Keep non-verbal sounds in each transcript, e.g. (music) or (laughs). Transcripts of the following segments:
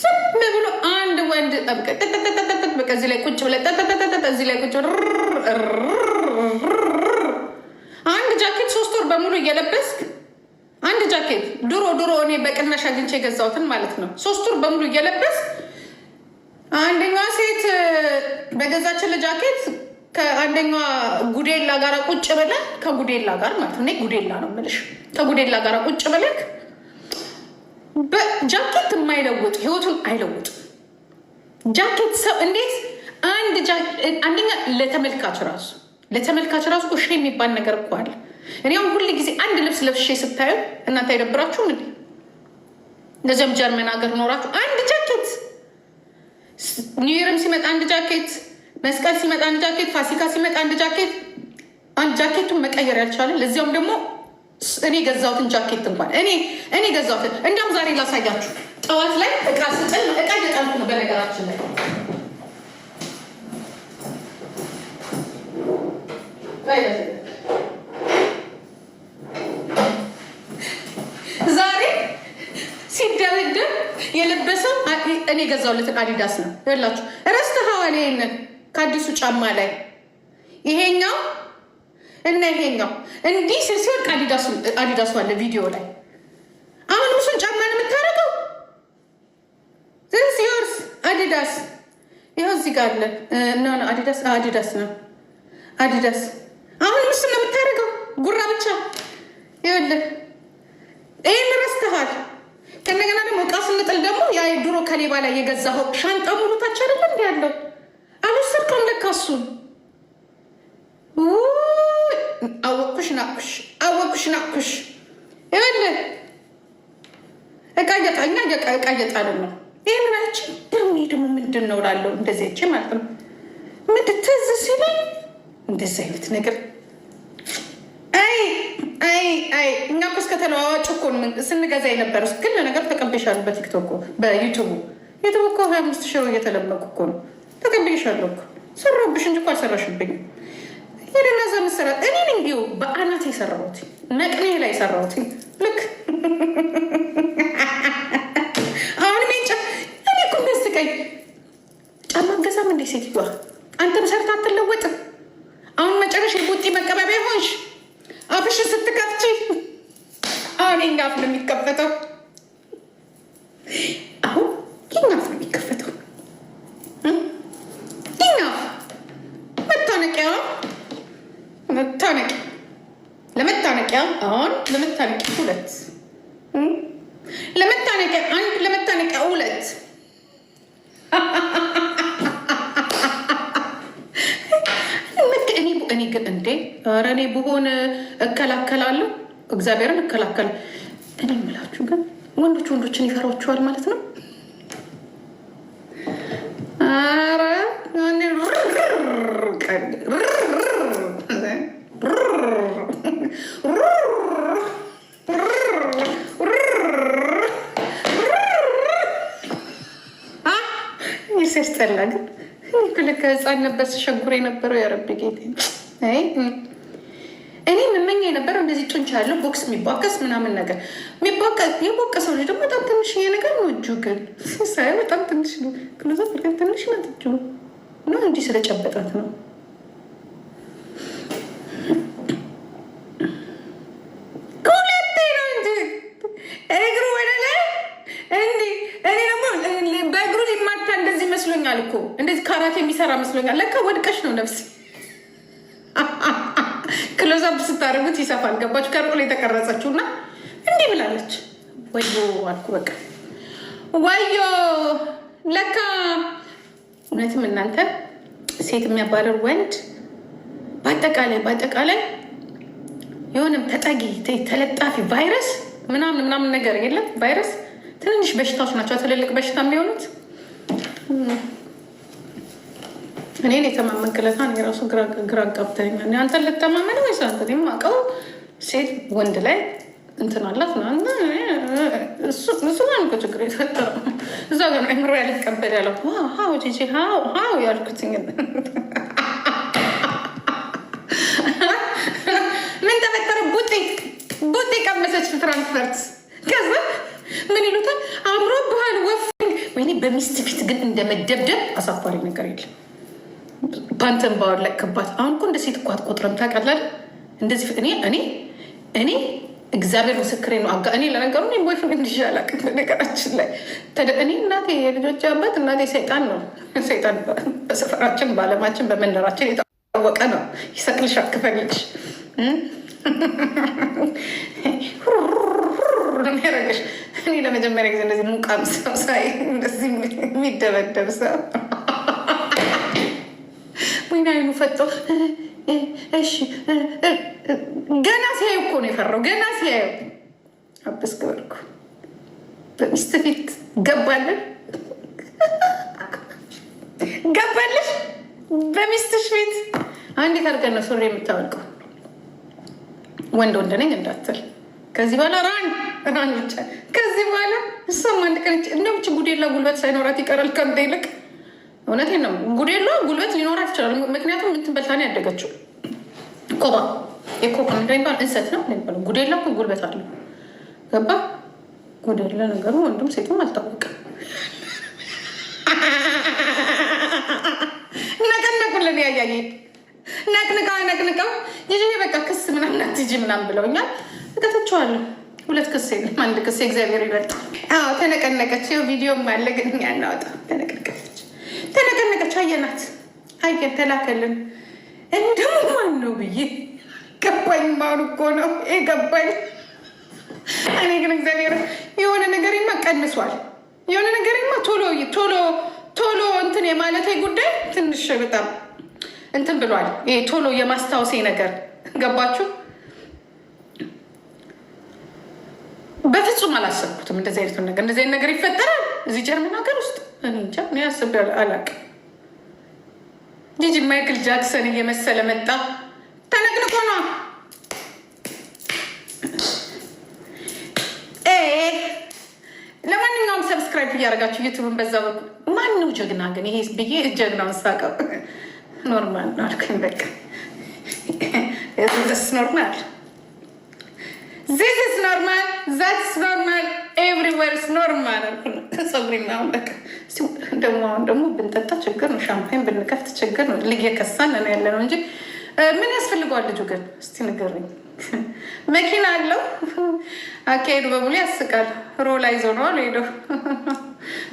ዝም ብሎ አንድ ወንድ ጠብቀህ እዚህ ላይ ቁጭ ብለ እዚህ ላይ ቁጭ አንድ ጃኬት ሶስት ወር በሙሉ እየለበስክ አንድ ጃኬት ድሮ ድሮ እኔ በቅናሽ አግኝቼ የገዛሁትን ማለት ነው። ሶስት ወር በሙሉ እየለበስ አንደኛዋ ሴት በገዛችን ጃኬት ከአንደኛዋ ጉዴላ ጋር ቁጭ ብለ ከጉዴላ ጋር ማለት ነው። እኔ ጉዴላ ነው የምልሽ ከጉዴላ ጋር ቁጭ ብለህ ጃኬት የማይለውጥ ህይወቱን አይለውጥም። ጃኬት ሰው እንዴት አንድ አንደኛ ለተመልካች ራሱ ለተመልካች ራሱ እሺ የሚባል ነገር እኮ አለ። እኔ ሁል ጊዜ አንድ ልብስ ለብሼ ስታዩ እናንተ አይደብራችሁም እንዴ? እንደዚያም ጀርመን ሀገር ኖራችሁ አንድ ጃኬት፣ ኒውየርም ሲመጣ አንድ ጃኬት፣ መስቀል ሲመጣ አንድ ጃኬት፣ ፋሲካ ሲመጣ አንድ ጃኬት። አንድ ጃኬቱን መቀየር ያልቻለ ለዚያውም ደግሞ እኔ ገዛሁትን ጃኬት እንኳን እኔ እኔ ገዛሁትን እንዲያውም ዛሬ ላሳያችሁ። ጠዋት ላይ እቃ ስጥል እቃ እየጣልኩ ነው። በነገራችን ላይ ዛሬ ሲደረድር የለበሰው እኔ ገዛሁለትን አዲዳስ ነው። ይኸውላችሁ እረስተኸዋል። ይሄንን ከአዲሱ ጫማ ላይ ይሄኛው እና ይሄኛው እንዲህ ስል ሲወድቅ አዲዳሱ አለ ቪዲዮ ላይ አሁን እሱን ጫማን የምታደርገው ዚስ ዮርስ አዲዳስ ይኸው እዚህ ጋር አለ እና አዲዳስ አዲዳስ ነው አዲዳስ አሁን እሱን ነው የምታደርገው ጉራ ብቻ ይኸውልህ ይህን ረስተሃል ከእንደገና ደግሞ እቃ ስንጥል ደግሞ ያ ድሮ ከሌባ ላይ የገዛኸው ሻንጣ ሙሉታች አይደለ እንዲ ያለው አልወሰድከውም ለካ እሱን ናኩሽ፣ አወኩሽ ናኩሽ። ይበል እቃ እየጣልና እቃ እየጣልን ነው። ይህ ምናችን ደግሞ ደግሞ ምንድን ነው እላለሁ እንደዚያች ማለት ነው። ምንድን ትዝ ሲለኝ እንደዚህ አይነት ነገር አይ አይ አይ እኛ እኮ እስከ እኮ ስንገዛ የነበረ ግን ለነገር ተቀብሻለሁ። በቲክቶክ በዩቱቡ ዩቱብ እኮ ሀያ አምስት ሽሮ እየተለመቁ እኮ ነው ተቀብሻለሁ እኮ ሰራብሽ እንጂ እኮ አልሰራሽብኝም። ወደ እነዛ መሰራት እኔን እንዲሁ በአናት የሰራሁት መቅኔ ላይ የሰራሁት ለመታነቂያ አሁን ለመታነቂያ ሁለት ለመታነቂያ አንድ ለመታነቂያ ሁለት እኔ ግን እንዴ ኧረ እኔ ብሆን እከላከላለሁ፣ እግዚአብሔርን እከላከል። እኔ የምላችሁ ግን ወንዶች ወንዶችን ይፈሯችኋል ማለት ነው። ኧረ ሲያስጠላ ግን ልክ ህፃን ነበር ስሸጉር የነበረው። የረብ ጌታ እኔ የምመኝ የነበረው እንደዚህ ጡንቻ ያለው ቦክስ የሚቧቀስ ምናምን ነገር የቧቀሰው ልጅ ደግሞ በጣም ትንሽ ነገር ነው። እጁ ግን ሳይ በጣም ትንሽ ነው። ትንሽ ናት እጁ ነው እንዲህ ስለጨበጣት ነው ጫፍ ገባች ከሩቅ ላይ የተቀረጸችው እና እንዲህ ብላለች። ወዮ አልኩ በቃ ወዮ። ለካ እውነትም እናንተ ሴት የሚያባረር ወንድ በአጠቃላይ በአጠቃላይ የሆነም ተጠጊ ተለጣፊ ቫይረስ ምናምን ምናምን ነገር የለም። ቫይረስ ትንንሽ በሽታዎች ናቸው ትልልቅ በሽታ የሚሆኑት። እኔን የተማመን የተማመንክለታ የራሱ ግራ ጋብተኛል። አንተን ልተማመን ወይስ አንተን የማውቀው ሴት ወንድ ላይ እንትን አላት እሱ ማን ችግር የፈጠረው እዛ ጋ ምሮ ያልቀበል ያለው ሀው ጂጂ ሀው ያልኩት ምን ተፈጠረ? ቡጤ ቡጤ ቀመሰች ትራንስፈርት። ከዛ ምን ይሉታል አምሮ ባህል ወፍ ወይኔ በሚስት ፊት ግን እንደመደብደብ አሳፋሪ ነገር የለም። ፓንተን ባወር ለቅባት አሁን እኮ እንደ ሴት እኮ አትቆጥረም። ታውቃለህ እንደዚህ እኔ እኔ እኔ እግዚአብሔር ምስክሬ ነው። አጋ እኔ ለነገሩ እኔ ቦይፍሬንድ ይዤ አላውቅም። በነገራችን ላይ እኔ እናቴ የልጆች አባት እናቴ ሰይጣን ነው። ሰይጣን በሰፈራችን በአለማችን በመንደራችን የታወቀ ነው። ይሰቅልሻል ክፈልግሽ ያረገሽ እኔ ለመጀመሪያ ጊዜ እንደዚህ ሙቃም ሰው ሳይ እንደዚህ የሚደበደብ ሰው አይኑ ፈጠው? እሺ፣ ገና ሲያዩ እኮ ነው የፈራው። ገና ሲያዩ አበስ ገበልኩ በሚስት ፊት ገባለን ገባለሽ በሚስትሽ ፊት አንዴት አድርገን ነው ሱሪ የምታወልቀው። ወንድ ወንድ ነኝ እንዳትል ከዚህ በኋላ ራን ራን ብቻ ከዚህ በኋላ እሷም አንድ ቀን እንደምች ጉዴላ ጉልበት ሳይኖራት ይቀራል ከምደ ይልቅ እውነት ነው። ጉዴሎ ጉልበት ሊኖራት ይችላል። ምክንያቱም እንትን በልታ ያደገችው። ኮባ የኮባ እንደሚባል እንሰት ነው የሚባለው። ጉዴላ እኮ ጉልበት አለ። ገባ ጉዴላ ነገሩ ወንድም ሴቱም አልታወቅም። ነቀነቁልን ያያየ ነቅንቃ ነቅንቀው ይህ በቃ ክስ ምናምን አትሂጂ ምናምን ብለውኛል። እቀተቸዋለሁ ሁለት ክስ አንድ ክስ እግዚአብሔር ይበልጣል። ተነቀነቀች። ቪዲዮም አለ ግን እኛ እናወጣ ተነቀነቀች ተነቀነቀች። አየናት አየን ተላከልን። እንደው ማን ነው ብዬ ገባኝ። ማሉ እኮ ነው የገባኝ። እኔ ግን እግዚአብሔር የሆነ ነገሬማ ቀንሷል። የሆነ ነገሬማ ቶሎ ቶሎ ቶሎ እንትን የማለቴ ጉዳይ ትንሽ በጣም እንትን ብሏል። ይሄ ቶሎ የማስታወሴ ነገር ገባችሁ። በፍጹም አላሰብኩትም እንደዚህ አይነት ነገር እንደዚህ አይነት ነገር ይፈጠራል እዚህ ጀርመን ሀገር ውስጥ እኔ እንጃ እኔ አስቤ አላውቅም። ማይክል ጃክሰን እየመሰለ መጣ። ተነቅንቆ ነው ለማንኛውም ሰብስክራይብ እያደረጋችሁ ዩቱብን በዛ በኩል ማን ነው ጀግና ግን ይሄ ብዬ ጀግናውን ሳቀው ኖርማል ነው አልኩኝ። በቃ ስ ኖርማል ዚስ ኖርማል ዛትስ ኖርማል ኤቭሪዌርስ ኖርማል አልኩ። ምናምን በቃ ደግሞ አሁን ደግሞ ብንጠጣ ችግር ነው፣ ሻምፓኝ ብንከፍት ችግር ነው። ልጅ የከሳን ነው ያለ ነው እንጂ ምን ያስፈልገዋል ልጁ? ግን እስቲ ንገረኝ። (laughs) መኪና አለው። (laughs) አካሄዱ በሙሉ ያስቃል። ሮላ ይዞ ነው አሉ ሄደው።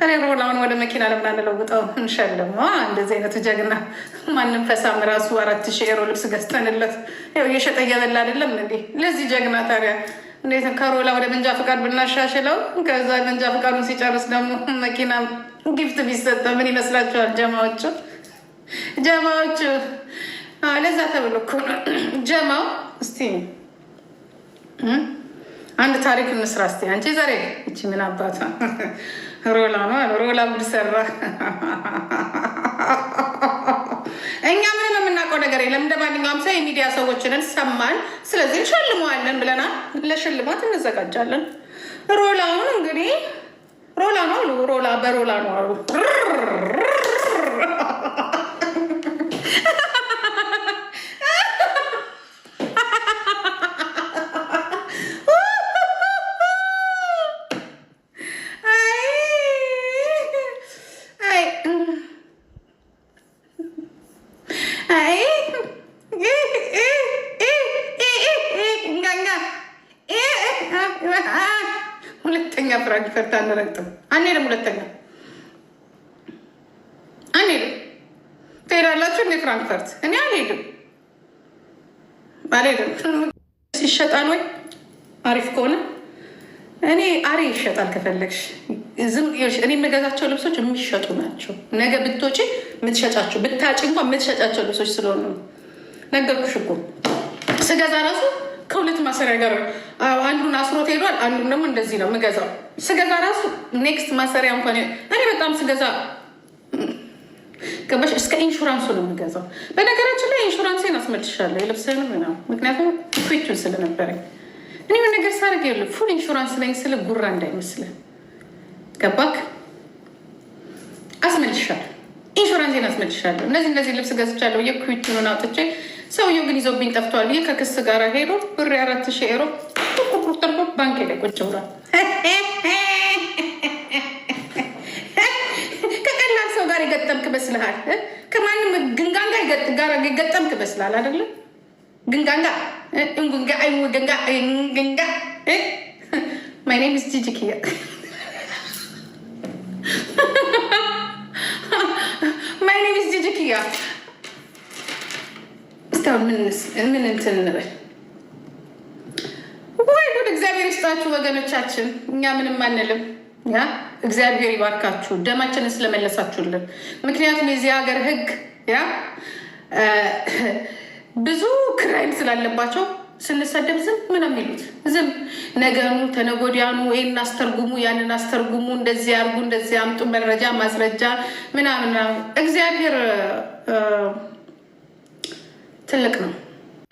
ታዲያ ሮላውን ወደ መኪና ለምን አንለውጠው? እንሸልማ። እንደዚህ አይነቱ ጀግና (laughs) ማንም ፈሳም ራሱ አራት ሺ ኤሮ ልብስ ገዝተንለት ይኸው እየሸጠ እየበላ አይደለም እንዴ? ለዚህ ጀግና ታዲያ እንዴት ከሮላ ወደ መንጃ ፈቃድ ብናሻሽለው፣ ከዛ መንጃ ፈቃዱን ሲጨርስ ደግሞ መኪና ጊፍት ቢሰጠው ምን ይመስላችኋል? ጀማዎቹ ጀማዎቹ ለዛ ተብሎ እኮ ነው ጀማው። እስቲ አንድ ታሪክ እንስራ እስቲ። አንቺ ዛሬ እቺ ምን አባቷ ሮላ ነው ሮላ ጉድ ሰራ። እኛ ምን የምናውቀው ነገር የለም። እንደ ማንኛውም ሰው የሚዲያ ሰዎችንን ሰማን፣ ስለዚህ እንሸልመዋለን ብለናል። ለሽልማት እንዘጋጃለን። ሮላውን እንግዲህ ሮላ ነው አሉ ሮላ በሮላ ነው አሉ አልሰጥም። አንሄድም። ሁለተኛ አንሄድም። ትሄዳላችሁ እንደ ፍራንክፈርት እኔ አልሄድም አልሄድም። ይሸጣል ወይ አሪፍ ከሆነ እኔ አሪ ይሸጣል። ከፈለግሽ እኔ የምገዛቸው ልብሶች የሚሸጡ ናቸው። ነገ ብትወጪ የምትሸጫቸው ብታጭ እንኳ የምትሸጫቸው ልብሶች ስለሆኑ ነገርኩሽ እኮ ስገዛ ራሱ ከሁለት ማሰሪያ ጋር አንዱን አስሮት ሄዷል። አንዱን ደግሞ እንደዚህ ነው ምገዛው። ስገዛ ራሱ ኔክስት ማሰሪያ እንኳን እኔ በጣም ስገዛ ገባሽ እስከ ኢንሹራንሱ ነው የምገዛው። በነገራችን ላይ ኢንሹራንሴን አስመልሻለሁ የልብስንም ነው። ምክንያቱም ቹ ስለነበረኝ እኔ ምን ነገር ሳደርግ የለ ፉል ኢንሹራንስ ላይ ስለ ጉራ እንዳይመስልህ ገባክ? አስመልሻለሁ፣ ኢንሹራንሴን አስመልሻለሁ። እነዚህ እነዚህ ልብስ ገዝቻለሁ የኩዊቱን አውጥቼ ሰውየው ግን ይዞብኝ ጠፍቷል። ይህ ከክስ ጋር ሄዶ ብር አራት ሺህ ኤሮ ተርቦ ባንክ ላይ ቁጭ ብሏል። ከቀላል ሰው ጋር የገጠምክ ይመስልሃል? ከማንም ግንጋንጋ ጋር የገጠምክ ይመስልሃል? አይደለም ግንጋንጋ እንጉንጋ አይወገንጋ ግንጋ ማይ ኔም ኢዝ ጂጂ ኪያ ማይ ኔም ኢዝ ጂጂ ኪያ አሁን ምን እንትን እንበል? ወይ ጉድ! እግዚአብሔር ይስጣችሁ ወገኖቻችን፣ እኛ ምንም አንልም። እግዚአብሔር ይባርካችሁ፣ ደማችንን ስለመለሳችሁልን። ምክንያቱም የዚህ ሀገር ህግ ያ ብዙ ክራይም ስላለባቸው ስንሰደብ ዝም ምን የሚሉት ዝም ነገኑ ተነጎዲያኑ ይህን አስተርጉሙ ያንን አስተርጉሙ እንደዚህ ያርጉ እንደዚህ አምጡ መረጃ ማስረጃ ምናምን እግዚአብሔር ትልቅ ነው።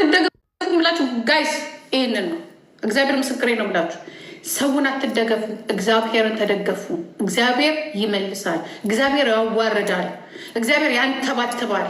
ትደገፉ ብላችሁ ጋይስ፣ ይህንን ነው እግዚአብሔር ምስክሬ ነው ብላችሁ ሰውን አትደገፉ፣ እግዚአብሔርን ተደገፉ። እግዚአብሔር ይመልሳል። እግዚአብሔር ያዋረዳል እግዚአብሔር ያንተባትባል።